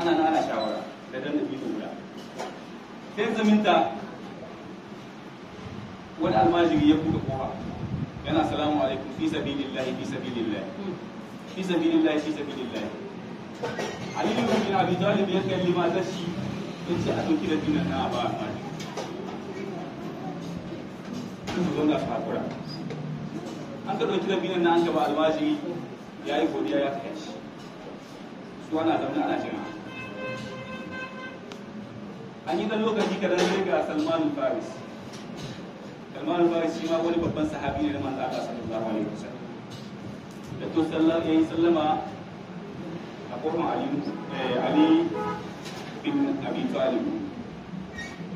ana na ana shawara da dan nabi da guda sai zaminta wani almajiri ya buɗe kofa yana salamu alaikum fi sabilillahi fi sabilillahi fi sabilillahi fi sabilillahi Ali bin Abi Talib ya kalli matar shi yace a dauki da dinan na ba almajiri sun zo na fakura an ka ɗauki rabinan na an gaba almajiri ya yi godiya ya kai shi su ana zaune ana jira an yi dan lokaci kadan sai ga Salman Faris Salman Faris shi ma wani babban sahabi ne na manzo Allah sallallahu alaihi wasallam da to sallallahu alaihi sallama a gurin Ali eh, Ali bin Abi Talib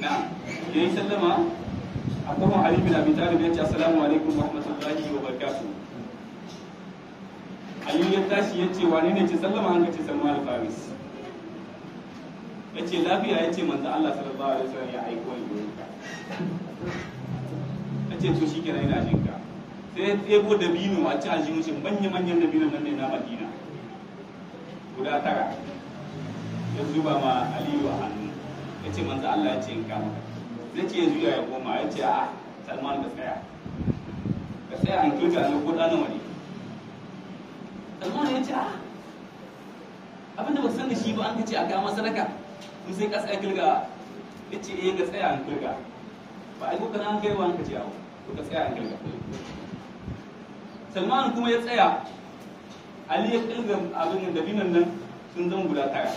na yayi sallama a Ali bin Abi Talib yace assalamu alaikum wa rahmatullahi wa barakatuh Ali ya tashi yace wane ne ce sallama an ga ce Salman Faris ya ce lafiya ya ce manzan Allah sallallahu alaihi wasallam ya aiko ni ya ce to shikenan ina jin ka sai ya tsebo da bino a ci a ji mushin manya manyan da bino nan ne na Madina guda tara ya zuba ma Aliyu a hannu ya ce manzan Allah ya ce in kama zai ce ya zuya ya koma ya ce a Salman da tsaya ka tsaya an kyauta a ko ɗan wani Salman ya ce a abinda ba san da shi ba an ka ce a kama sadaka Ku sai kasa kirga, yace eh ga tsaya an kirga. ba ai kuka nan kai wani kace yawo kuka tsaya an kirga. Salman kuma ya tsaya Ali ya kirga abin da binan nan sun zama guda tara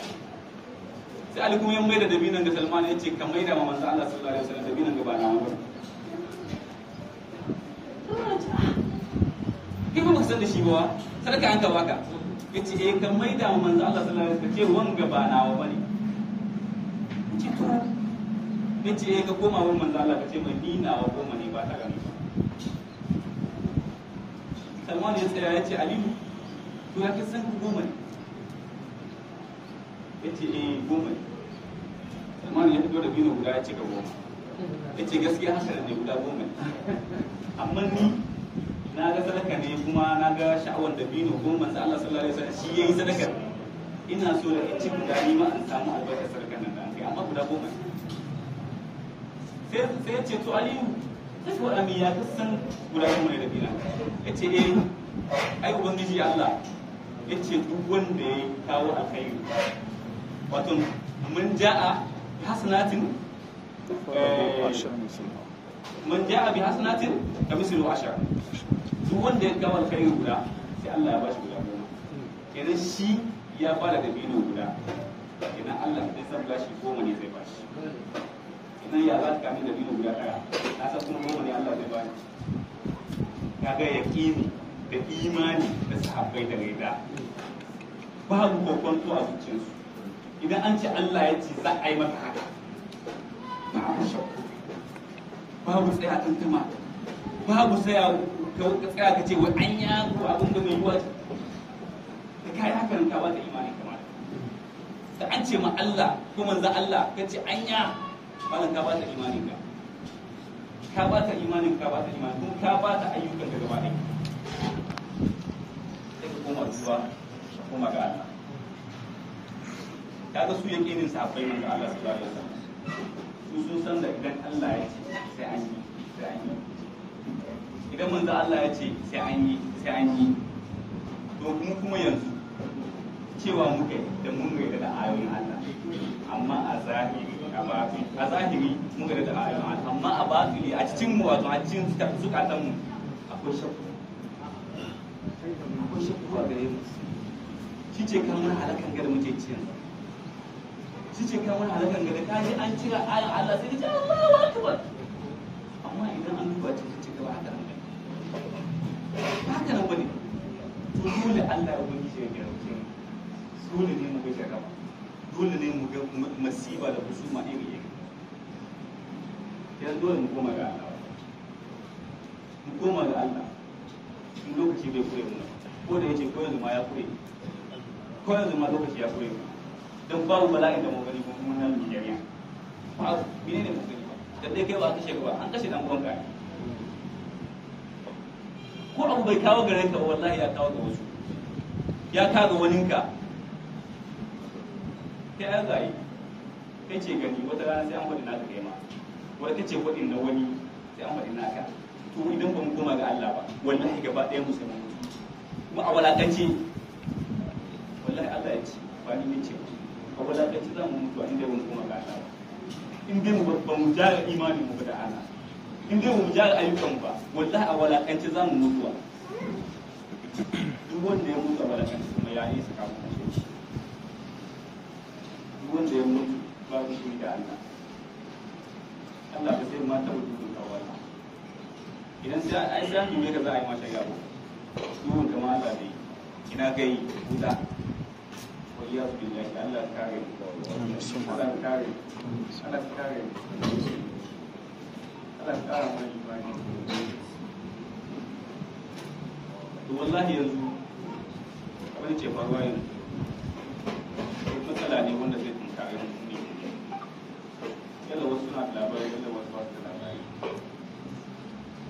sai Ali kuma ya mai da binan ga Salman ya ce ka mai da manzo Allah sallallahu alaihi wasallam dabinan ga ba na wani ke ba ka san da shi ba sadaka an ka baka yace eh ka mai da manzo Allah sallallahu alaihi wasallam ka ce wanga ba ba bane fito na ce ya ga goma wurin manzo Allah ka ce mai ni nawa goma ne ba ta gani Salman ya tsaya ya ce Aliyu to ya ka san goma ne ya ce eh goma ne Salman ya fito da bino guda ya ce ka goma ya ce gaskiya haka ne guda goma amma ni na ga sadaka ne kuma na ga sha'awar da bino goma manzo Allah sallallahu alaihi wasallam shi yayi sadakar ina so da in ci guda ni ma an samu albarkar amma guda goma sai sai ya ce to aliyu sai waɗanda ya san guda goma ne da bina ya ce eh ai ubangiji allah ya ce duk wanda ya kawo alkhairi wato mun ja'a hasanatin eh, man ja'a bi hasanatin ka mislu ashar duk wanda ya kawo alkhairi guda sai Allah ya bashi guda goma kenan shi ya fara da bino guda idan Allah zai sa bashi ko ne zai bashi idan ya za ta kami da biyu guda ɗaya na san kuma goma Allah zai bashi kaga yaƙini da imani da sahabbai da gaida. babu to a zuciyarsu idan an ce Allah ya ce za a yi maka haka babu shakku babu tsaya tantama babu tsaya ka tsaya ka ce wai an yi abin da mai yiwa da hakan haka rantawa imani ka ka an ce ma Allah ko manzo Allah ka ce anya malam ka bata imanin ka ka bata imanin ka bata imanin kuma ka bata ayyukan da gaba ɗaya sai ka koma zuwa ka koma ga Allah kaga su sa sahabbai manzo Allah sallallahu alaihi wasallam su sun san da idan Allah ya ce sai an yi sai an yi idan manzo Allah ya ce sai an yi sai an yi to kuma kuma yanzu cewa muke da mun ga da ayoyin Allah amma a zahiri a batini a zahiri mun ga da ayoyin Allah amma a batini a cikin mu wato a cikin zukatan mu akwai shakku akwai shakku a gare mu shi ce kan wani halakan gare muke ciyan shi ce kan wani halakan gare ka ji an cira ayoyin Allah sai ka ce Allahu akbar amma idan an duba cikin ce gaba haka nan haka nan bane to dole Allah ya wuce ya gare mu dole ne mu ga jarraba dole ne mu ga masiba da husuma iri iri yanzu dole mu koma ga Allah mu koma ga Allah in lokaci bai kure mu ko da yace ko yanzu ma ya kure ko yanzu ma lokaci ya kure dan don babu bala'i da mu gani ko kuma nan jariya ba ne mu gani ba da dai kai ba kashe ba an kashe dan gonka ko abu bai kawo gare ka wallahi ya kawo ga wasu ya kawo ga waninka kai an rayu kai ce gani wata rana sai an faɗi naka kai ma wata ce faɗi na wani sai an faɗi naka to idan ba mu koma ga Allah ba wallahi gaba ɗaya mu sai mu mutu kuma a walakance wallahi Allah ya ce ba ni ne ce a walakance za mu mutu inda ba mu koma ga Allah ba in dai ba mu jara imanin mu da Allah in dai mu jara ayyukan ba wallahi a walakance za mu mutuwa duk wanda ya mutu a walakanci kuma ya yi sakamakon shi wanda ya mutu ba shi da Allah Allah ba zai mata mutu da wala idan sai yi sami mai da za a yi mata yabo duhun da ma Allah dai ina gai wuta waliya su billahi Allah kare Allah kare Allah kare Allah kare to wallahi yanzu abin ce faruwa yanzu matsala ne wanda zai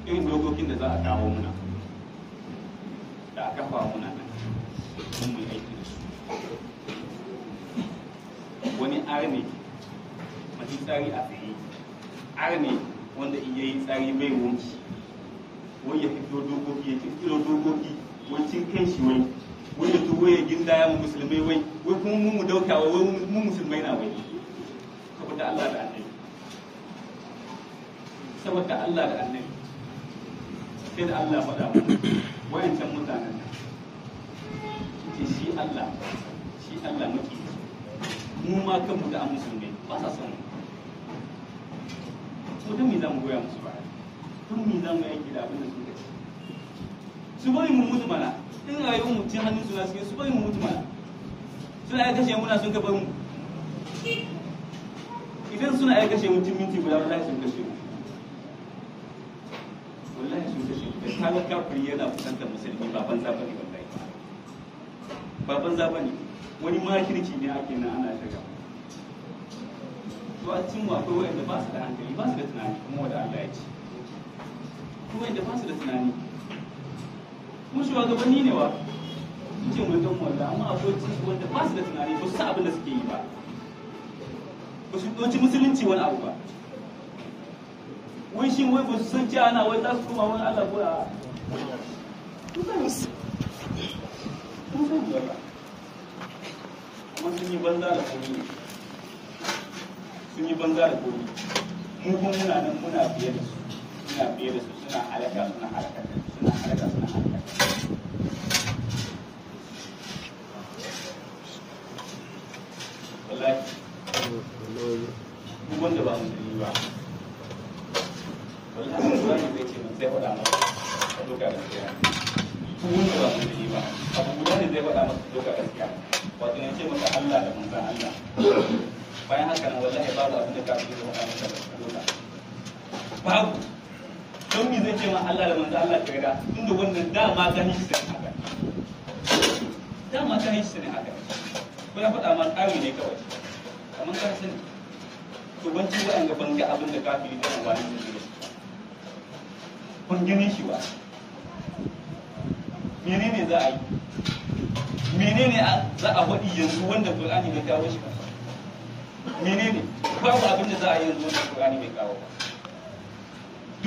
garin ne za a kawo muna a kafa muna wani tsari a tsaye wanda iya yi tsari bai wanki wai ya fito dokoki ya kirkiro dokoki wancin kan shi wai wai da to ya ginda ya mu musulmai wai wai kuma mu mu dauka wai mu musulmai na wai saboda Allah da annabi saboda Allah da annabi sai da Allah faɗa wayancan mutanen nan ce shi Allah shi Allah muke mu ma kanmu da musulmai ba sa son mu to dan me zamu mu goya musu baya dan me za mu yanke da abin da suka ce su bari mu mutu mana in rayuwar mu cikin hannun suna suke su bari mu mutu mana suna ya kashe muna sun ka mu idan suna ya kashe mutum minti guda wallahi sun kashe mu wallahi sun kashe mu da kaga kafiri yana kusantar musulmi baban zaba ne wallahi baban zaba ne wani makirci ne ake nan ana shiga to a cikin akwai wayanda ba su da hankali ba su da tunani kuma wanda Allah ya ce kuma wa'anda ba su da tunani kuma shugabanni ne wa cikin mutum wanda amma akwai wanda ba su da tunani ba su sa abin da suke yi ba ba su ɗauki musulunci wani abu ba wai shi wai ba su san cewa ana wai za su koma wani allah ko a kuma sun yi banza da komi sun yi banza da komi mu kuma muna nan muna fiye da su muna fiye da su suna halaka suna halaka suna halaka suna halaka Allah da manzo Allah ta yarda inda wannan dama ta yi shi haka dama ta yi shi haka ko ya faɗa ma ƙawi ne kawai kamar ka sani to wanci wa'an ga banga abin da kafiri da wani ne ban ganin shi ba menene za a yi menene za a faɗi yanzu wanda Qur'ani bai kawo shi ba menene babu abin da za a yi yanzu wanda Qur'ani bai kawo ba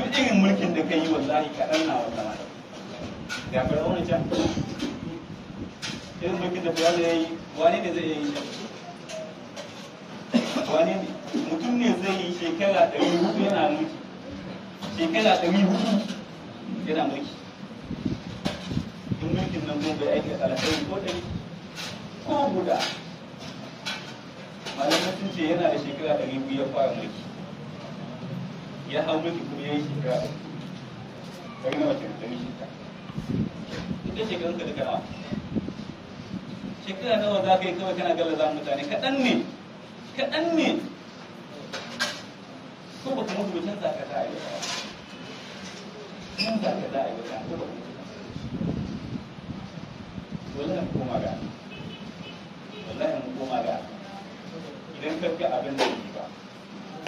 duk irin mulkin da yi da ya yi wani zai yi wani ne yi shekara ɗari hudu yana mulki shekara ɗari hudu yana mulki mulkin nan mun bai aiki ko ɗari ko guda malamacin ce yana da shekara ɗari biyu ya fara mulki ya hau miki kuma ya yi shekara ka gina mace da yi shekara ita shekarun ka duka nawa shekara nawa za ka yi kawai kana gallaza mutane kaɗan ne kaɗan ne ko ba ka mutu ba can za ka can za ka yi aibata ko ba wallahi mu koma ga wallahi mu koma ga idan ka ga abin da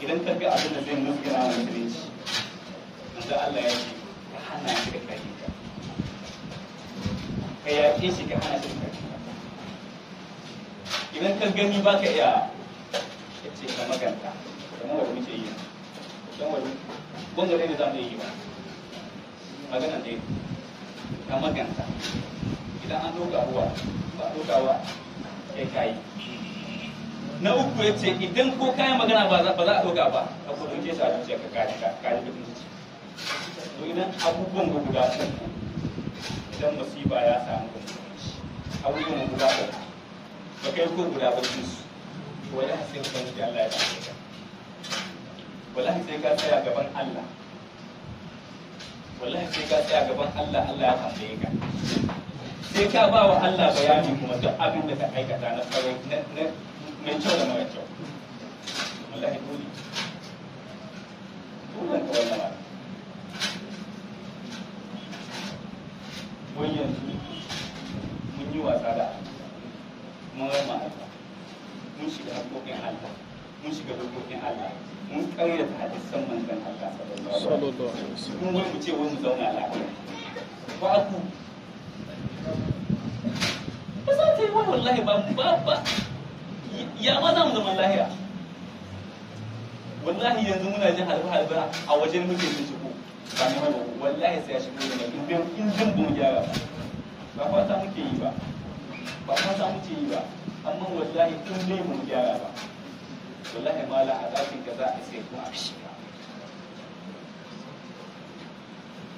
idan ka ga abin da zai musgina wa musulunci manzo Allah ya ce ka hana shi ka kai ka yaƙe shi ka hana shi ka kai idan ka gani ba ka iya ka ce ka maganta kamar wanda muke yi don wani gwamnati ne za mu yi ba magana ne ka maganta idan an ɗauka ruwa ba ɗauka wa sai kayi na uku ya ce idan ko kayan magana ba za a ɗauka ba ka ku ɗauke shi a zuciya ka kaji kaji ka tunci to idan abubuwan ga guda uku idan masifa ya samu ga mutunci abubuwan guda uku ba kai ko guda ba cin su wala sai ka tunci Allah ya tafi ka wala sai ka tsaya gaban Allah wallahi sai ka tsaya gaban Allah Allah ya tambaye ka sai ka ba wa Allah bayani kuma duk abin da ka aikata na tsaro na mai kyau mun yi wasa da Allah mun shiga haƙoƙin Allah mun shiga dokokin Allah mun hadisan manzon Allah sallallahu alaihi wasallam mun wani mu ce wai mu zauna muna jin halba halba a wajen muke sun shigo ba ne mana wallahi sai ya shigo da in bin in bin bin gyara ba fata muke yi ba ba fata muke yi ba amma wallahi in dai mun gyara ba wallahi ma la dakin ka za a sai kuma a shi ba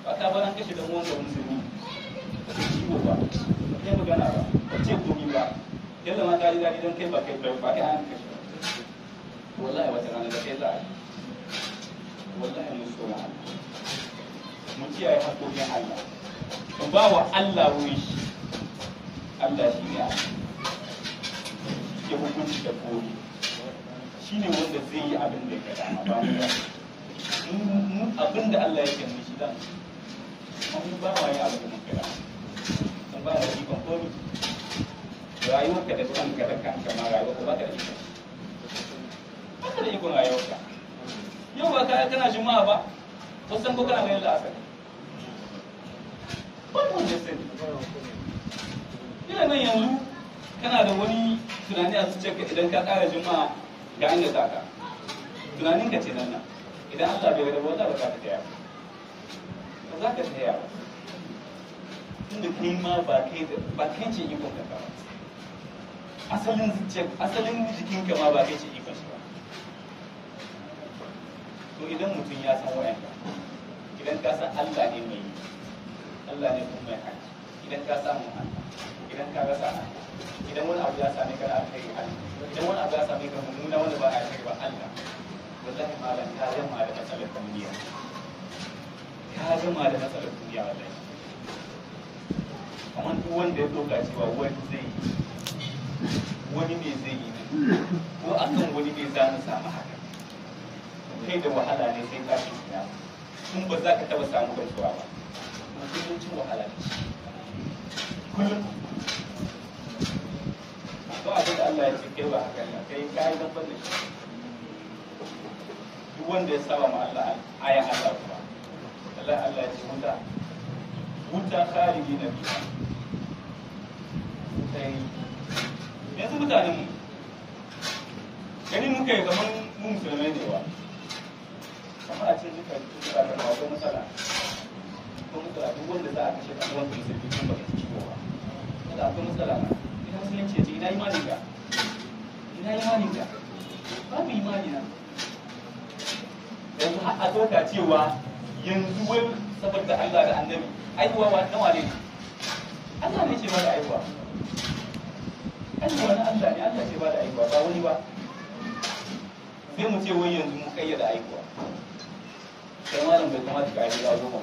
ba ka baran an kashe dan uwan ka musulmi ba ka ciwo ba ba kai magana ba ba ce komi ba yadda ma ta ji daɗi don kai ba kai ba kai an kashe wallahi wata rana da kai za a yi wallahi mun tsora mu kiyaye hakokin Allah mu ba wa Allah wurin Allah shi ne ke hukunci da kori shi ne wanda zai yi abin da ya dama ba mu abin da Allah ya kyanne shi zan mu ba wa ya abin da muka dama mun ba da ikon kori rayuwarka da kanka da kanka ma rayuwarka ba ka da ikon ba ka da ikon rayuwarka yau ba kaya kana juma'a ba ko san ko kana ganin la'asar ba mu da sani ina nan yanzu kana da wani tunani a ka idan ka ƙara juma'a ga an da ka, tunanin ka ce nan nan idan Allah bai rabu wata ba za ka taya ba za ka taya ba tunda kai ma ba kai ba kai ce ikon ka ba asalin zuciyar asalin jikinka ma ba kai ce ikon shi to idan mutum ya san wa'anda idan ka san Allah ne mai Allah ne kuma mai haji idan ka samu Allah idan ka rasa Allah idan wani abu ya same ka da yi Allah idan wani abu ya same ka mummuna wanda ba kai ba Allah wallahi malam ka gama da matsalar duniya ka gama da matsalar duniya wallahi kamar duk wanda ya doka cewa wani zai yi wani ne zai yi ko akan wani ne za mu samu haka kai da wahala ne sai ka shi ya kun ba za ka taba samu gamsuwa ba kullum cin wahala ne kullum ba abin da Allah ya ce kai ba haka ne kai ka yi zaɓar da shi duk wanda ya saba ma Allah ayan Allah kuma Allah Allah ya ce wuta wuta khalidi na biya sai yanzu mutanen mu gani muka yi kamar mun musulmai ne wa kamar a ce duka duka da ba matsala ko matsala duk wanda za a kashe kan wanda ya sabi kun baka ciwo kowa. kada akwai matsala ina musulunci ya ce ina imanin ka ina Ba mu babu imani na yanzu har a ɗauka cewa yanzu wai saboda Allah da annabi aiwa nawa ne Allah ne ce ba da aiwa aiwa na Allah ne Allah ce ba da aiwa ba wani ba sai mu ce wai yanzu mu kayyada aiwa kai malam bai kamata ka yi guda goma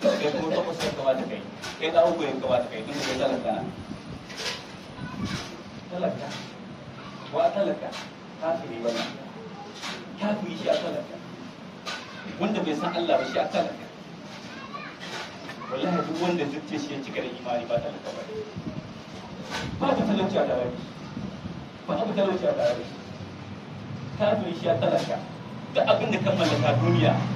ba kai kuma takwas ya kamata kai kai da uku ya kamata kai tun da kai na talaka wa talaka kafiri wannan kafiri shi a talaka wanda bai san Allah ba shi a talaka wallahi duk wanda zuciya shi ya cika da imani ba talaka ba ba ta talauci a tare ba ta talauci a tare kafiri shi a talaka da kan mallaka duniya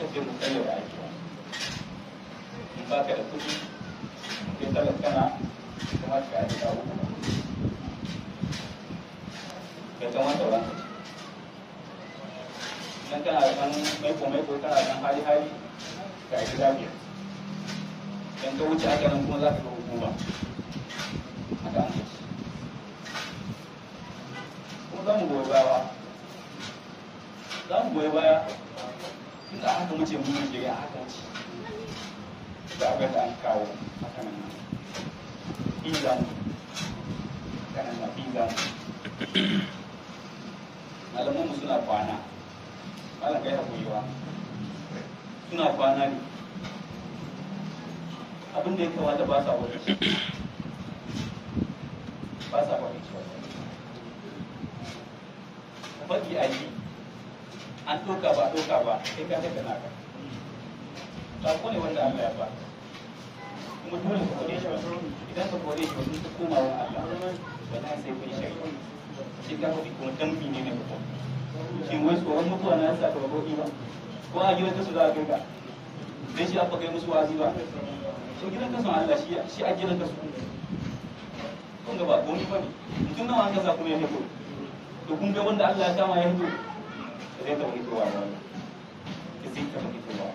aka ce mu tsaye da aiki in ba ka da kuɗi ke talakana kuma ka aji da uku ka kamata ba ka ce nan kana kan maiko maiko kana kan hali hali ka yi da biyar dan ka wuce haka nan kuma za ka ga hukuma haka an ce kuma za mu goyi baya za mu goyi baya da haka muke mun gari a haka ce da abin da an kawo haka nan iza haka nan iza malaman mu suna kwana malam kai hakuyewa suna kwana ne abin da ya kamata ba sa wani ba sa wani faɗi a yi an doka ba doka ba sai ka daga naka sako ne wanda Allah ya ba kuma dole ku kore shi idan ka kore shi wani ka koma wa Allah wannan sai kun shi shi ka kuɗi kuma dambi ne na mutum shi wai tsoron mutuwa na yasa ka roƙi ba ko a gidan kasu za a ka dan shi abba kai musu wazi ba shi gidan kasu Allah shi shi a gidan kasu kun ga ba gomi ba ne mutum nawa an kasa kuma ya hito to kun ga wanda Allah ya kama ya hito zai taɓa hitowa ba ki sai taɓa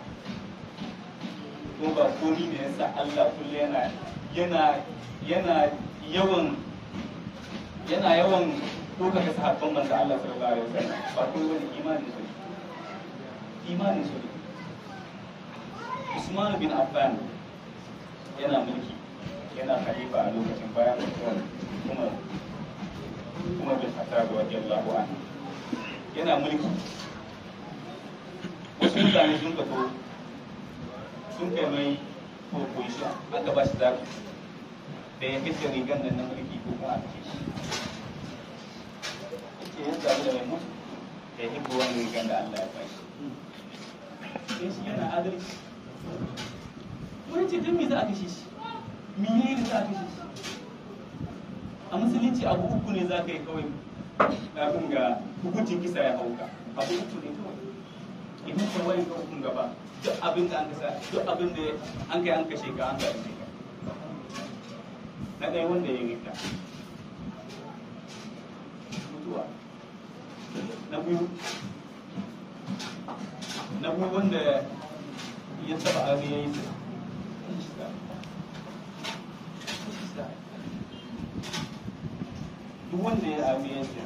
ba komi ne sa Allah kullum yana yana yana yawan yana yawan ɗaukaka sahabban manzo Allah sallallahu alaihi wasallam ba komi imanin su imanin su Usman bin Affan yana mulki yana khalifa a lokacin bayan mutuwar kuma kuma bin Khattab radiyallahu anhu yana mulki wasu mutane sun kafa sun kai mai proposition aka ba shi zaɓi da ya kace rigan da na mulki ko kuma a kashe shi ya zaɓi da mai mutu da ya hibbo wani rigan da Allah ya ba shi sai shi yana adalci wani ce don me za a kashe shi me ne da za a kashe shi a musulunci abu uku ne za ka yi kawai kafin ga hukuncin kisa ya hau ka abu uku ne kawai idan ka wani ka hukun gaba duk abin da an kasa duk abin da an kai an kashe ka an kashe ka na ɗaya wanda ya rika mutuwa na biyu na biyu wanda ya taba a ya yi duk wanda ya aure ya yi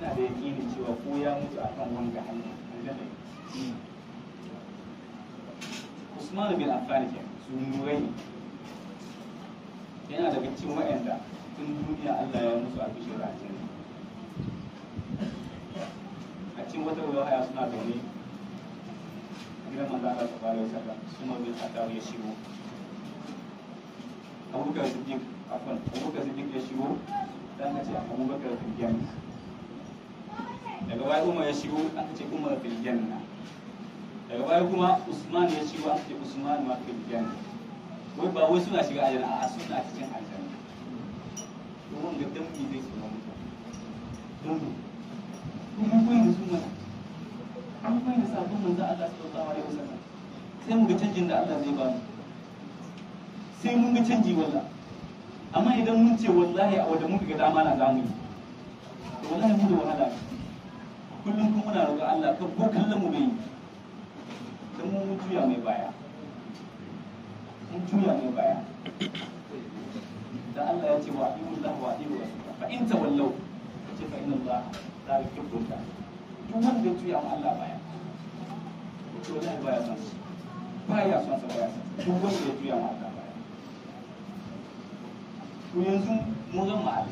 ina da yakini cewa ko ya mutu akan wanga hanya aljanna Usman bin Affan ke zunurai yana da cikin wa'anda tun duniya Allah ya musu albishir a cikin a cikin wata riwaya suna da zaune gidan manzo Allah sallallahu alaihi wasallam Usman bin Affan ya shigo Abubakar Siddiq afwan Abubakar Siddiq ya shigo dan ka ce Abubakar Siddiq daga baya umar ya shigo aka ce umar fil na. daga baya kuma usman ya shigo aka ce usman ma fil janna wai ba wai suna shiga aljanna a suna cikin aljanna domin ga dambi zai tsoro mutu. dambi kuma kun da sun mana an kun da sabon manzo Allah sallallahu alaihi wasallam sai mun ga canjin da Allah zai ba mu sai mun ga canji wallah amma idan mun ce wallahi a wanda mun ga dama na zamu yi wallahi mun da wahala kullum kuma muna roƙon Allah ka ko kallon mu bai dan mu juya mai baya mun juya mai baya da Allah ya ce wa ayyul lahu wa ayyul rasul fa in tawallaw ce fa inna Allah la yuhibbu ta duk wanda juya ma Allah baya to wallahi baya san shi baya son sa baya san duk wanda ya juya ma Allah baya to yanzu mu zan Allah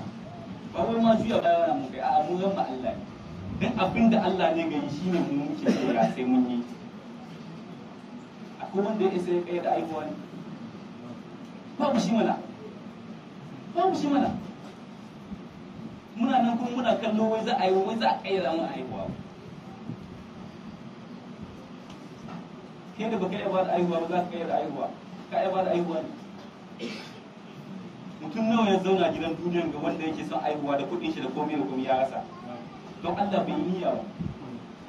ba wai ma juya baya na mun kai a mu zan Allah ne duk abin da Allah ne ga yi shi ne mu muke ya sai mun yi akwai wanda ya isa ya kai da aihuwa ne mu shi mana mu shi mana muna nan kuma muna kallo wai za a yi wai za a da mu aihuwa kai da baka ba da aihuwa ba za ka kai da aihuwa ka ba da aihuwa ne mutum nawa ya zauna gidan duniyan ga wanda yake son aihuwa da kuɗin shi da komai da komai ya rasa don Allah bai yi niyya ba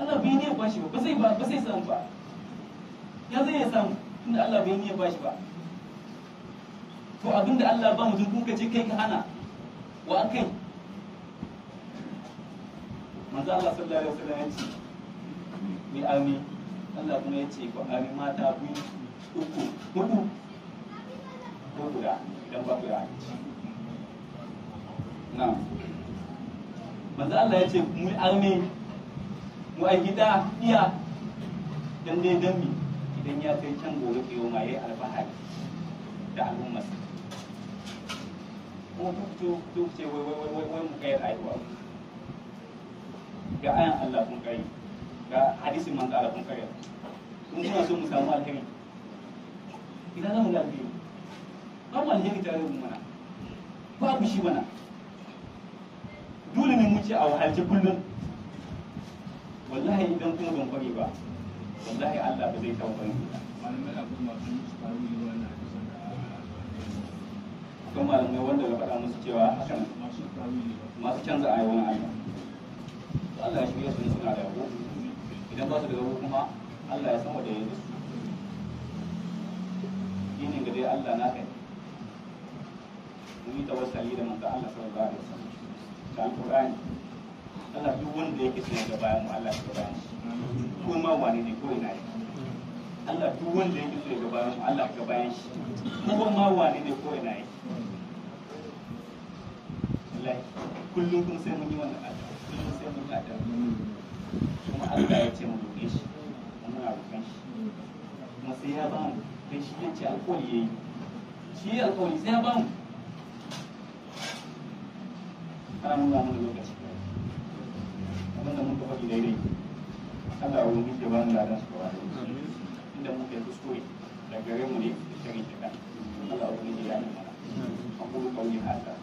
Allah bai yi niyya ba shi ba zai ba zai samu ba ya zai ya samu tunda Allah bai yi niyya ba shi ba to abinda Allah ba mutum kuka ce kai ka hana wa an kai manzo Allah sallallahu alaihi wasallam ya ce mai ami Allah kuma ya ce ku ami mata biyu uku hudu ko guda idan ba ku da na'am manzo Allah ya ce mu arme mu a gida iya dan dai dan mi idan ya kai can gobe ke yayi alfahari da al'umma ko to to ce wai wai wai wai mu kai rayuwa ga ayan Allah kun kai ga hadisin manzo Allah kun kai kun so mu samu alheri idan za mu lafiya ba mu alheri tare da mu mana babu shi mana wuce a wahalce kullum wallahi idan kuma ban kware ba wallahi Allah ba zai taɓa kware ba akwai malamai wanda ba faɗa musu cewa hakan masu canza a yawan Allah Allah ya shirya su suna da yabo idan ba su da yabo kuma Allah ya san wa da ya su yinin ga dai Allah na kai mun yi tawassali da manzo Allah sallallahu alaihi wasallam da alƙur'ani Allah duk wanda yake sai ga bayan mu Allah ya bayan mu ko ma wani ne ko ina Allah duk wanda yake sai ga bayan mu Allah ya bayan shi ko ma wani ne ko ina wallahi kullum kun sai mun yi wannan addu'a kullum sai mun yi kuma Allah ya ce mu roƙe shi muna roƙon shi kuma sai ya ba mu kai shi yace alƙawari yayi shi alƙawari sai ya ba mu ana nuna mana lokaci abin daidai Allah ya wuri da bani su yi da gare mu ne da shirin kiɗa a